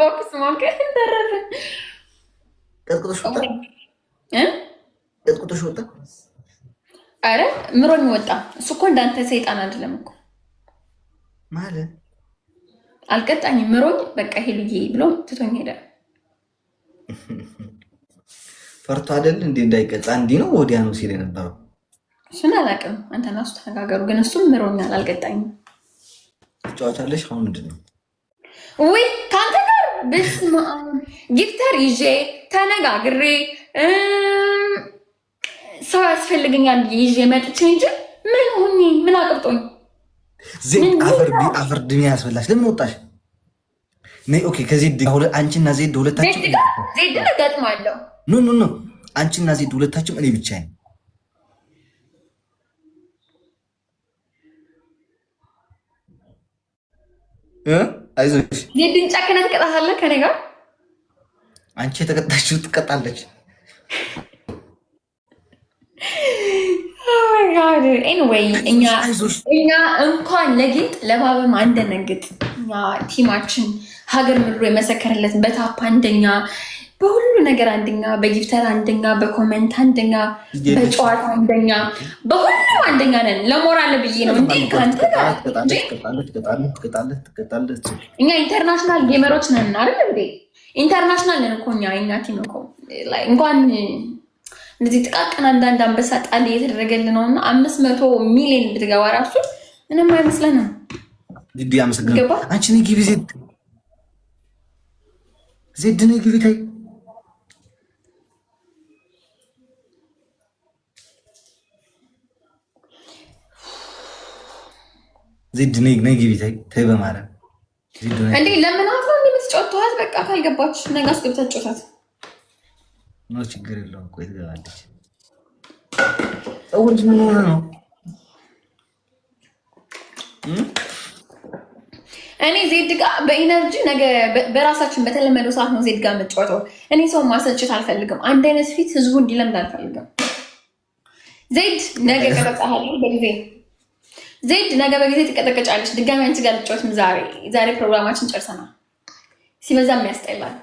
ቦክስ ማምከት ተረፈ። ቀጥቅጦሽ ወጣ እ ቀጥቅጦሽ ወጣ። አረ ምሮኝ ወጣ። እሱ እኮ እንዳንተ ሰይጣን አይደለም እኮ ማለት አልቀጣኝ ምሮኝ በቃ ሄሉዬ ብሎ ትቶኝ ሄደ። ፈርቶ አይደል እንዴ እንዳይቀጣ እንዲህ ነው ወዲያ ነው ሲል የነበረው። እሱን አላውቅም። አንተና እሱ ተነጋገሩ። ግን እሱም ምሮኛል፣ አልቀጣኝም። ትጫወታለሽ አሁን ምንድን ነው ውይ በስመ አብ ጊፍተር ይዤ ተነጋግሬ ሰው ያስፈልገኛል ብዬ ይዤ መጥቼ እንጂ ምን ሁኝ ምን አቅብጦኝ አፈርድን ያስበላሽ። ለምን ወጣሽ? ኦኬ ከዜድ አንቺና ዜድ ሁለታችሁ ዜድ እገጥማለሁ። ኖ ኖ ኖ አንቺና ዜድ ሁለታችሁም እኔ ብቻ ነኝ። እ አይዞሽ ጌድን ጫክነ ትቀጣታለህ ከኔ ጋር አንቺ የተቀጣችው ትቀጣለች። ኤኒዌይ oh እኛ እንኳን ለጌጥ ለባብም አንደነግጥ። እኛ ቲማችን ሀገር ምድሮ የመሰከርለት በታፓ አንደኛ በሁሉ ነገር አንደኛ፣ በጊፍተር አንደኛ፣ በኮመንት አንደኛ፣ በጨዋታ አንደኛ፣ በሁሉ አንደኛ ነን። ለሞራል ብዬ ነው እንዴ ከአንተ ጋር እኛ ኢንተርናሽናል ጌመሮች ነን አይደል እንዴ? ኢንተርናሽናል ነን እኮ እኛ የእኛ ቲም እኮ እንኳን እንደዚህ ጥቃቅን አንዳንድ አንበሳ ጣል እየተደረገል ነው እና አምስት መቶ ሚሊዮን ብትገባ ራሱ ምንም አይመስለንም። ግዲ አመሰግናለሁ። አንቺ ነጊ ጊዜ ዜድነ ጊዜ ታይ ዜድ ነይ ነይ ግቢ ተይ ተይ እንዴ ለምናት ነው የምትጫወተዋት? በቃ ካልገባች ነገ ጫወታት ችግር የለውም እኮ ትገባለች። ምን ሆነ ነው? እኔ ዜድ በኢነርጂ ነገ በራሳችን በተለመደው ሰዓት ነው ዜድ ጋ የምትጫወተው። እኔ ሰው ማሰልችት አልፈልግም። አንድ አይነት ፊት ህዝቡ እንዲለምድ አልፈልግም። ዜድ ነገ ከበቃ በጊዜ ዜድ ነገ በጊዜ ትቀጠቀጫለች። ድጋሚ አንቺ ጋር ልጫወትም ዛሬ ዛሬ ፕሮግራማችን ጨርሰናል። ሲበዛ የሚያስጠላል።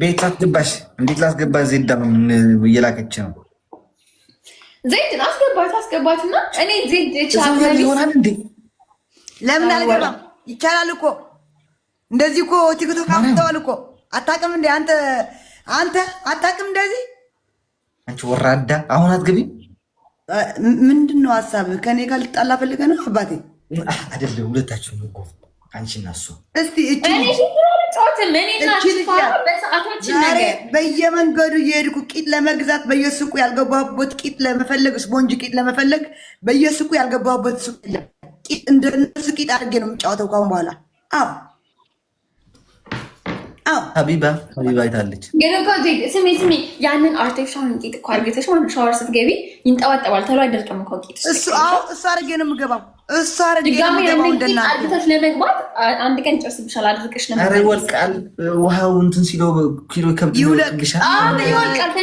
ቤት አስገባሽ። እንዴት ላስገባት? ዜድ እየላከች ነው። ዜድን አስገባት፣ አስገባትና እኔ ዜድ ይሆናል ለምን አልገባም? ይቻላል እኮ እንደዚህ እኮ ቲክቶክ አምጥተዋል እኮ አታውቅም እንዴ አንተ አንተ አታውቅም እንደዚህ አንቺ ወራዳ አሁን አትገቢም። ምንድን ነው ሀሳብ? ከኔ ጋር ልጣላ ፈልገ ነው? አባቴ አይደለም፣ ሁለታችሁ ነው እኮ አንቺ እና እሱ። እስቲ ዛሬ በየመንገዱ የሄድኩ ቂጥ ለመግዛት በየሱቁ ያልገባሁበት ቂጥ ለመፈለግ ስፖንጅ ቂጥ ለመፈለግ በየሱቁ ያልገባሁበት ሱቅ ቂጥ እንደነሱ ቂጥ አድርጌ ነው የምጫወተው ከአሁን በኋላ አዎ ሀቢባ ሀቢባ አይታለች። ግን እኮ ስሜ ስሜ ያንን አርቴፊሻል ጌጥ እኮ አድርገሽ ማለት ነው። ሻወር ስትገቢ ይንጠባጠባል ተብሎ አይደርቅም እኮ ጌጥ። እሱ አድርጌ ነው የምገባው። እሱ አድርጌ ነው የምገባው። አድርገሽ ለመግባት አንድ ቀን ይጨርስብሻል። አድርገሽ ነው ኧረ ይወልቃል። ውሃው እንትን ሲለው ኪሎ ከብድ ይወልቅሻል። ይወልቃል።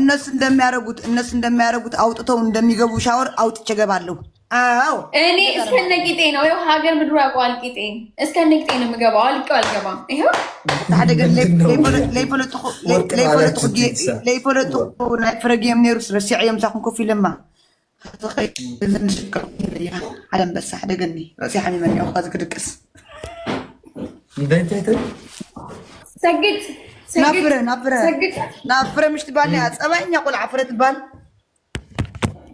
እነሱ እንደሚያደርጉት እነሱ እንደሚያደርጉት አውጥተው እንደሚገቡ ሻወር አውጥቼ እገባለሁ። አዎ እኔ እስከነ ቂጤ ነው ይኸው፣ ሀገር ምድሩ ያውቀዋል። ቂጤ እስከነ ቂጤ ነው የምገባው። አልቀው አልገባም። ይኸው ለይፈለጥኩ ናይ ፍረግ ነይሩ ስለሲዕ እዮም ሳኹም ኮፍ ኢለማ ሓደ ሓደገኒ ርእሲ ሓሚመኒ ኣውካ ዝክድቅስ ሰግጥ ናብ ፍረ ናብ ፀባይኛ ቆልዓ ፍረ ትባል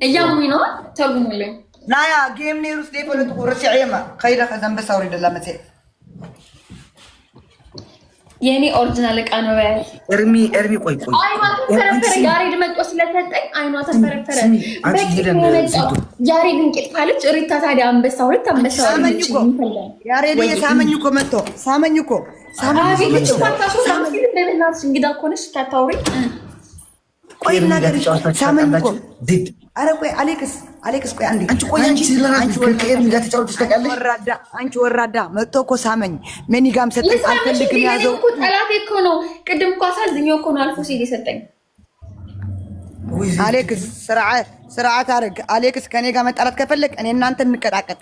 እያሙኝ ነው ተርጉሙልኝ ናያ ጌም ነይሩስ ዘይፈለጡ ርስዕየማ ከይደ ከዘንበሳ ውሪደላ መ የእኔ ኦሪጂናል እቃ ነው። እርሚ እርሚ ቆይ ቆይ ያሬድ መጦ ስለሰጠኝ አይኗ ተፈረፈረ። ካለች ሪታ ታዲያ አንበሳ ሁለት አንበሳ ያሬድ ሳመኝ እኮ መጥቶ ሳመኝ እኮ ሳመኝ እንግዳ እኮ ነሽ ቆይ አንቺ ወራዳ መጥቶ እኮ ሳመኝ ሜኒጋም ሰጠኝ። አልፈልግም ያዘው ጠላቴ እኮ ነው። ቅድም እኮ አሳዝኝ እኮ ነው አልፎ ሲል የሰጠኝ አሌክስ። ስርዓት አድርግ አሌክስ። ከእኔ ጋር መጣላት ከፈለግ እኔ እናንተ እንቀጣቀጥ።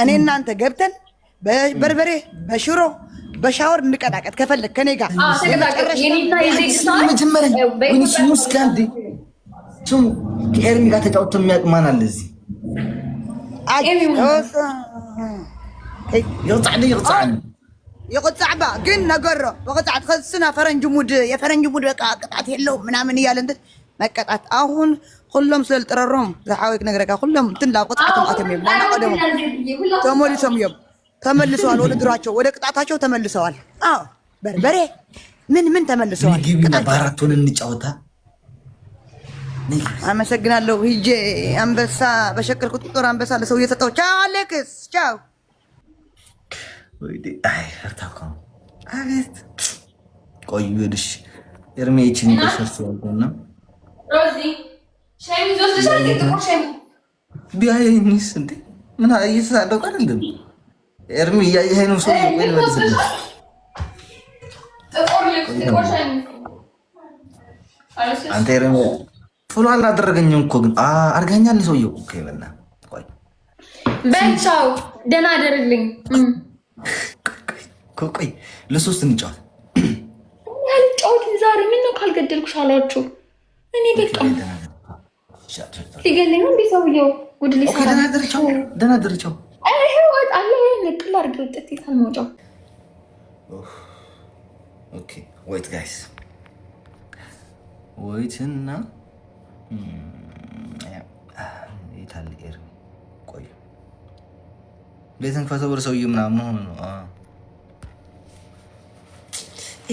እኔ እናንተ ገብተን በበርበሬ በሽሮ በሻወር እንቀጣቀጥ ከፈለግ ከኔ ጋር ከኤርሚ ጋር ተጫውቶ የሚያውቅ አለ እዚህ? ይቅፃዕኒ ግን ነገሮ ብቅፃዕ ትኸስና ፈረንጅ ሙድ የፈረንጅ ሙድ በቃ ቅጣት የለው ምናምን እያለ እንትን መቀጣት አሁን ኩሎም ስለልጥረሮም ዝሓወይክ ነገረካ ኩሎም እንትን ላብ ቁፃዕ ተምኣቶም እዮም ናቀደሞም ተሞሊሶም እዮም ተመልሰዋል። ወደ ድሯቸው ወደ ቅጣታቸው ተመልሰዋል። አዎ በርበሬ ምን ምን ተመልሰዋል። በአራቱን እንጫወታ። አመሰግናለሁ። ሂጄ አንበሳ በሸቀልኩት ቁጥር አንበሳ ለሰው እየሰጠው ቻው፣ አሌክስ ቻው። አቤት ቆዩልሽ እርሜችን ሸርሰዋልና ቢያየኝስ እንዴ ምን እየተሳደው አይደለም እርሚ እያየህ ነው ሰው አንተ ኤርሚ ቶሎ አላደረገኝም እኮ ግን አድርገኛል። ሰውየው ከይበና በቻው ደህና አደርልኝ። ቆይ ለሶስት እንጫወት ያልጫወት ዛሬ ምን ነው ካልገደልኩሽ አላችሁ። እኔ በቃ ሊገለኝ እንዴ ሰውየው ጉድ ሊሰራ ደህና ደርቻው ህይወት ወይት ጋይስ ወይትና የታል ኤር ቆዩ ቤትን ፈተወር ሰውዬ ምናምን ሆነ ነው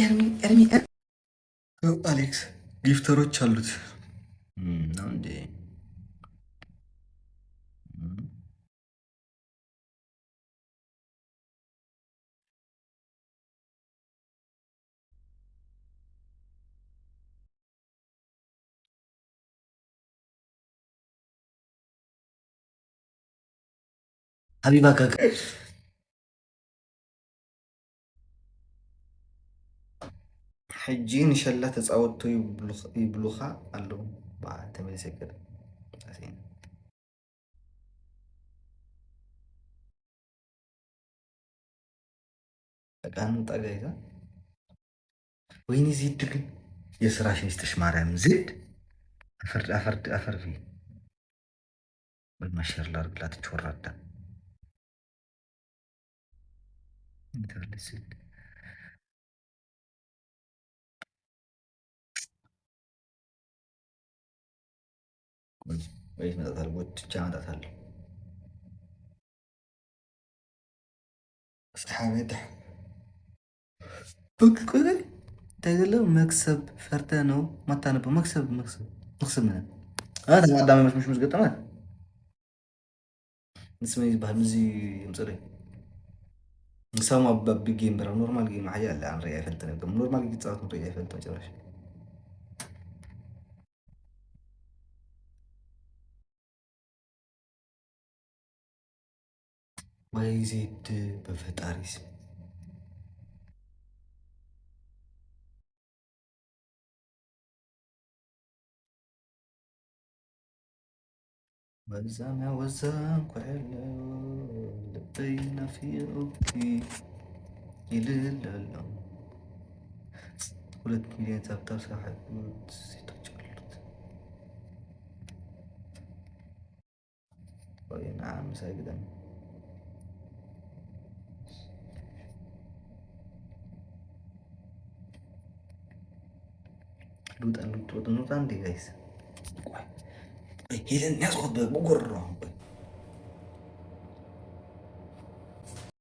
ኤርሚ ኤርሚ አሌክስ ጊፍተሮች አሉት እንዴ ሀቢባ ካካ ሕጂ ንሸላ ተፃወቶ ይብሉካ ኣለዉ በዓል ተመሰገደ ጠቃኑ ጠጋይዛ ወይኒ ዚድ ግን የስራሽ ሚስትሽ ማርያም ዝድ አፈርድ አፈርድ አፈርፊ በማሸር ላርግላት ወራዳ Interlisten. ወይስ መጣታል ወጥቻ መጣታል ስትሓበድሕ በቂ ቆይ እንታይዘሎ መክሰብ ፈርተ ነው ማታነበ መክሰብ መክሰብ መክሰብ ምን ተማዳሚ መስመሽ ምስ ገጠመ ንስመ ዝበሃል ምዚ ምፅሪ ሰማ በቢግ ጌም ብራ ኖርማል ጌም ሀያ አለ አንረ ያፈልተ ነገር ኖርማል ጌም ጻፍ ነው ያፈልተ ጭራሽ ወይ ዜድ በፈጣሪ ስም ወዛና ወዛ እንኳ ያለው لبينا في أوكي يلالالام ولد مليان تاع دار صاحب نسيت تجلد وي نعم لقد لود ان لود عندي جايز هي الناس خد بقرة